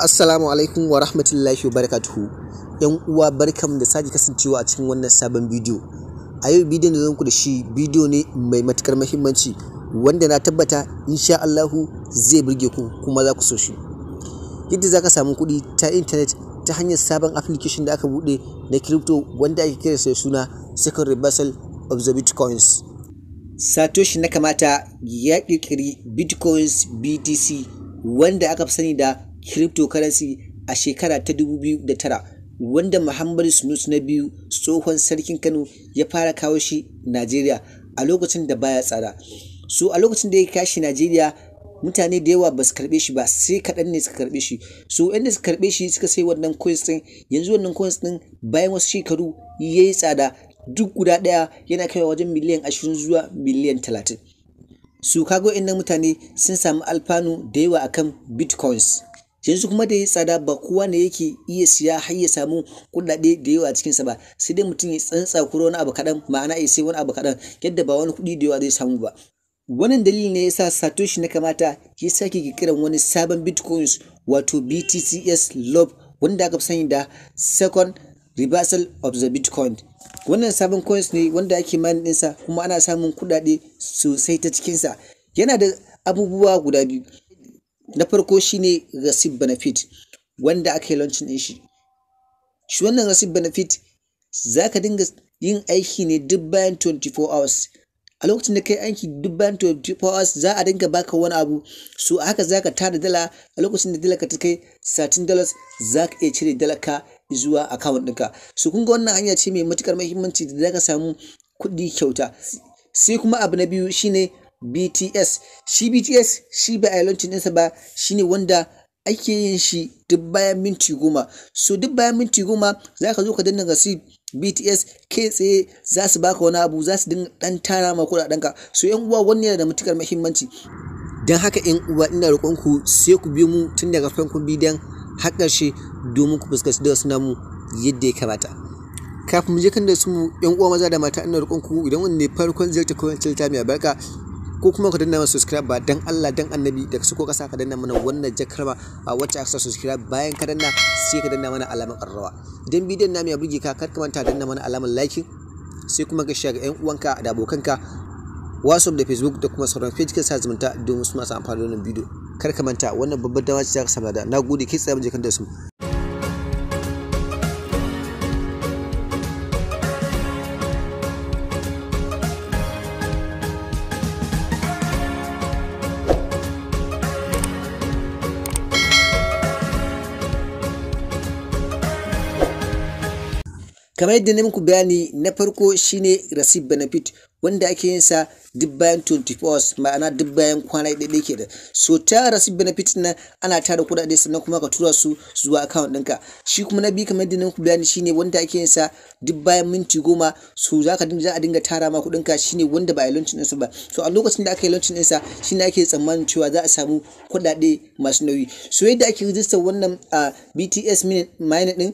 Assalamu alaikum wa rahmatullahi wa barakatuhu. ‘Yan uwa barkam da sake kasancewa a cikin wannan sabon bidiyo. A yau bidiyon da zan ku da shi bidiyo ne mai matukar muhimmanci wanda na tabbata insha Allahu zai burge ku kuma za ku so shi. Yadda za ka samu kuɗi ta intanet ta hanyar sabon application da aka buɗe na crypto wanda ake kira sai suna Second Reversal of the Bitcoins. Satoshi na kamata ya ƙirƙiri Bitcoins BTC wanda aka fi sani da cryptocurrency a shekara ta 2009 wanda Muhammadu Sunus na biyu tsohon sarkin Kano ya fara kawo shi Najeriya a lokacin da baya tsara. So a lokacin da ya kashi Najeriya mutane da yawa ba su karɓe shi ba sai kaɗan ne suka karbe shi so inda suka karbe shi suka sai wannan coins ɗin yanzu wannan coins ɗin bayan wasu shekaru ya yi tsada duk guda ɗaya yana kaiwa wajen miliyan ashirin zuwa miliyan talatin su kago inda mutane sun samu alfanu da yawa akan bitcoins yanzu kuma da yi tsada ba kowa ne yake iya siya har ya samu kuɗaɗe da yawa a cikinsa ba sai dai mutum ya tsantsa kuro wani abu kaɗan ma'ana ya sai wani abu kaɗan yadda ba wani kuɗi da yawa zai samu ba wannan dalili ne yasa satoshi na kamata ya sake kiran wani sabon bitcoins wato btcs lob wanda aka sani da second reversal of the bitcoin wannan sabon coins ne wanda ake mani ɗinsa kuma ana samun kuɗaɗe sosai ta cikinsa yana da abubuwa guda biyu na farko shine rasi benefit wanda aka yi launcin din shi shi wannan rasi benefit za ka dinga yin aiki ne duk bayan 24 hours a lokacin da kai aiki duk bayan 24 hours za a dinga baka wani abu so haka za ka tara dala a lokacin da dalaka ta kai satin dalas za ka iya cire ka zuwa account ɗinka so kun ga wannan hanya ce mai matukar muhimmanci da za ka samu kuɗi kyauta sai kuma abu na biyu shine BTS shi BTS shi ba a launching ɗinsa ba shine wanda ake yin shi duk bayan minti goma so duk bayan minti goma za ka zo ka danna si BTS ke tsaye za su baka wani abu za su dinga dan tara ma kuɗaɗenka so yan uwa wannan yana da matukar muhimmanci don haka yan uwa ina roƙonku sai ku biyo mu tun daga farkon bidiyon har ƙarshe domin ku fuskanci darasin namu yadda ya kamata kafin mu je kan da su yan uwa maza da mata ina roƙonku idan wani ne farkon ziyarta ko ta mai barka ko kuma ka danna mana subscribe ba dan Allah dan annabi da su ko kasa ka danna mana wannan jakar a wacce aka sa subscribe bayan ka danna sai ka danna mana alamar karrawa idan bidiyon namu ya burge ka kar ka manta danna mana alamar like sai kuma ka share ga 'yan uwanka da ka whatsapp da facebook da kuma sauran page kan sa zumunta domin su masu amfani da wannan bidiyo kar ka manta wannan babbar dama ce za ka samu da na gode kai tsaye mu je kan da su kamar yadda na muku bayani na farko shine receive benefit wanda ake yin sa duk bayan 24 hours ma'ana duk bayan kwana ɗaya ke da so ta receive benefit na ana tara kuɗaɗe sannan kuma ka tura su zuwa account ɗinka shi kuma na biyu kamar yadda na muku bayani shine wanda ake yin sa duk bayan minti goma so za ka za a dinga tara ma kuɗinka shine wanda ba a yi launching ɗinsa ba so a lokacin da aka yi launching ɗinsa shine ake tsammanin cewa za a samu kuɗaɗe masu nauyi so yadda ake rijistar wannan a ah, BTS mining ɗin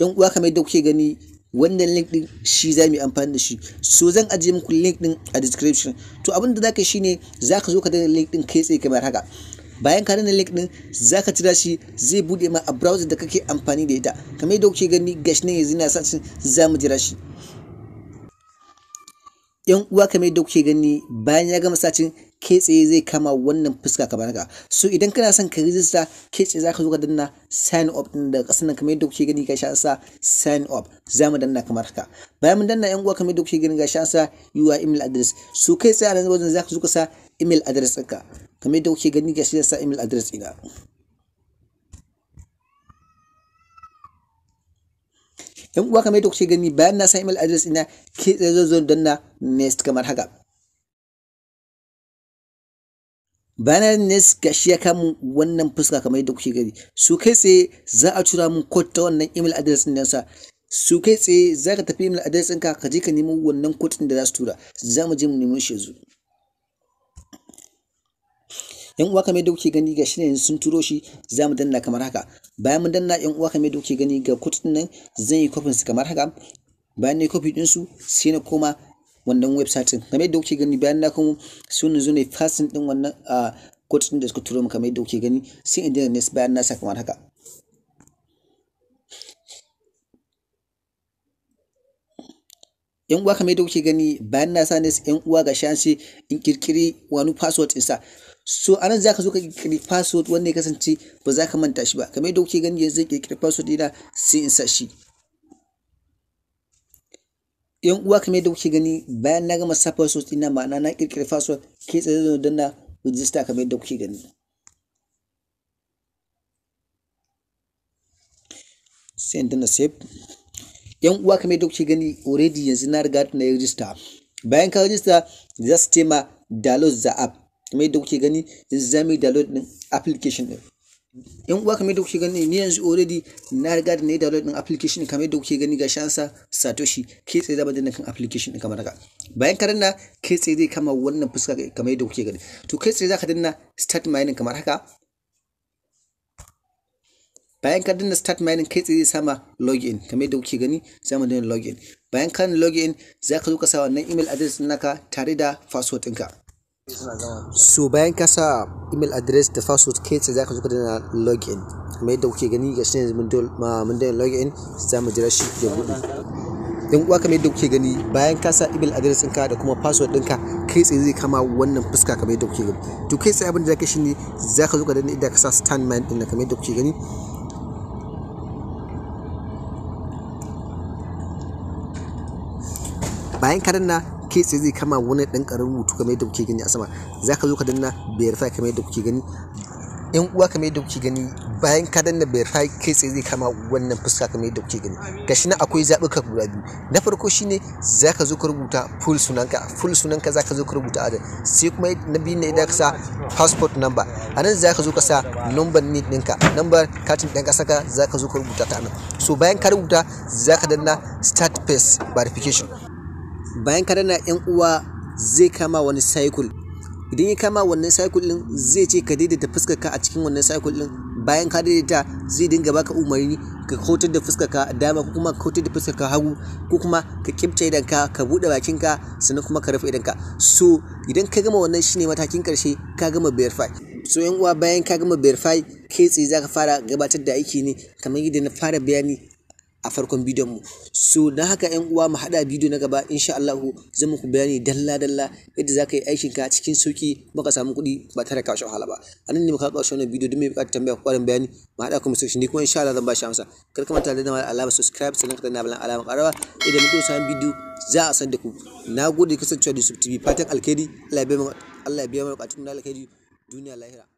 yan uwa kamar yadda kuke gani wannan link din shi za mu yi amfani da shi so zan ajiye muku link din a description to abin da zaka shine zaka zo ka danna link din kai tsaye kamar haka bayan ka danna link din zaka tira shi zai bude ma a browser da kake amfani da ita kamar yadda kuke gani gashi ne yanzu na sa za mu jira shi yan uwa kamar yadda kuke gani bayan ya gama sacin kai tsaye zai kama wannan fuska ka banaka so idan kana son ka rijista kai tsaye zaka zo ka danna sign up din daga kasan nan kamar yadda kuke gani gashi sha sa sign up za mu danna kamar haka bayan mun danna yan uwa kamar yadda kuke gani gashi sha sa your email address so kai tsaye a nan wajen zaka zo ka sa email address ɗinka kamar yadda kuke gani gashi an sa email address ina yan uwa kamar yadda kuke gani bayan na san email address ina ke tsaye zan zo danna next kamar haka bayan next gashi ya kamu wannan fuska kamar yadda kuke gani su kai tsaye za a tura min code ta wannan email address din nasa su kai tsaye za ka tafi email address ɗinka ka je ka nemo wannan code da za su tura za mu je mu nemo shi yanzu yan uwa kamar da kuke gani ga shine sun turo shi za mu danna kamar haka bayan mun danna yan uwa kamar da kuke gani ga kut din nan zan yi copy su kamar haka bayan ne copy din su sai na koma wannan website din kamar da kuke gani bayan na kuma sun zo ne fasin din wannan kut din da suka turo mu kamar da kuke gani sai in danna next bayan na sa kamar haka yan uwa kamar yadda kuke gani bayan na sa ne yan uwa ga shansi in kirkiri wani password sa so a nan za ka zo ka kirkiri password wanda ya kasance ba za ka manta shi ba kamar yadda kuke gani yanzu zai kirkiri password dina sai in sa shi yan uwa kamar yadda kuke gani bayan na gama sa password dina ma'ana na kirkiri password ke tsaye da danna register kamar yadda kuke gani sai in danna save yan uwa kamar yadda kuke gani already yanzu na riga na register bayan ka register za su tema download the app kamar yadda kuke gani za mu yi download ɗin application ɗin yan uwa kamar yadda kuke gani ni yanzu already na riga da na yi download ɗin application kamar yadda kuke gani ga shansa satoshi kai tsaye zaba danna kan application ɗin kamar haka bayan ka danna kai tsaye zai kama wannan fuska kamar yadda kuke gani to kai tsaye zaka danna start mining kamar haka bayan ka danna start mining kai tsaye zai sama login kamar yadda kuke gani za mu danna login bayan ka login za ka zo ka sa wannan email address naka tare da password ɗinka so bayan ka sa email address da password kai tsaye zaka zo ka dana login kamar yadda kuke gani ga shi ne mun dana login za mu jira shi ya buɗe yan uwa kamar yadda kuke gani bayan ka sa email address ɗinka da kuma password ɗinka kai tsaye zai kama wannan fuska kamar yadda kuke gani to kai tsaye abin da zaka shi ne zaka zo ka dana idan ka sa stand man ɗin kamar yadda kuke gani bayan ka danna Ketse zai kama wani dan karamin rubutu kamar yadda kuke gani a sama za ka zo ka danna verify kamar yadda kuke gani yan uwa kamar yadda kuke gani bayan ka danna verify ketse zai kama wannan fuska kamar yadda kuke gani gashi na akwai zaɓuka guda biyu na farko shine ka zo ka rubuta full sunanka full sunanka zaka zo ka rubuta adan sai kuma na biyu ne idan ka sa passport number a nan za ka zo ka sa number ne ɗinka number katin ɗan ƙasa ka za ka zo ka rubuta ta nan so bayan ka rubuta ka danna start pace verification bayan ka dana yan uwa zai kama wani cycle idan ya kama wannan cycle din zai ce ka daidaita fuskar ka a cikin wannan cycle din bayan ka daidaita zai dinga baka umarni ka kautar da fuskar ka dama ko kuma ka kautar da fuskar ka hagu ko kuma ka kibce idan ka ka bude bakin ka sannan kuma ka rufe idan ka so idan ka gama wannan shine matakin karshe ka gama verify so yan uwa bayan ka gama verify kai tsaye zaka fara gabatar da aiki ne kamar yadda na fara bayani a farkon bidiyon mu so na haka yan uwa mu hada bidiyo na gaba insha Allah zan muku bayani dalla dalla yadda zaka yi aikin ka cikin sauki baka samu kudi ba tare ka shi wahala ba anan ne muka kawo shi wannan bidiyo don mai bukatar tambaya kwarin bayani mu hada ku musulunci ne kuma insha Allah zan ba shi amsa kar ka manta da alama subscribe sannan ka danna bayan alama karawa idan mutum samu bidiyo za a san da ku na gode kasancewa da Yusuf fatan alkhairi Allah ya biya mu bukatun na alkhairi duniya lahira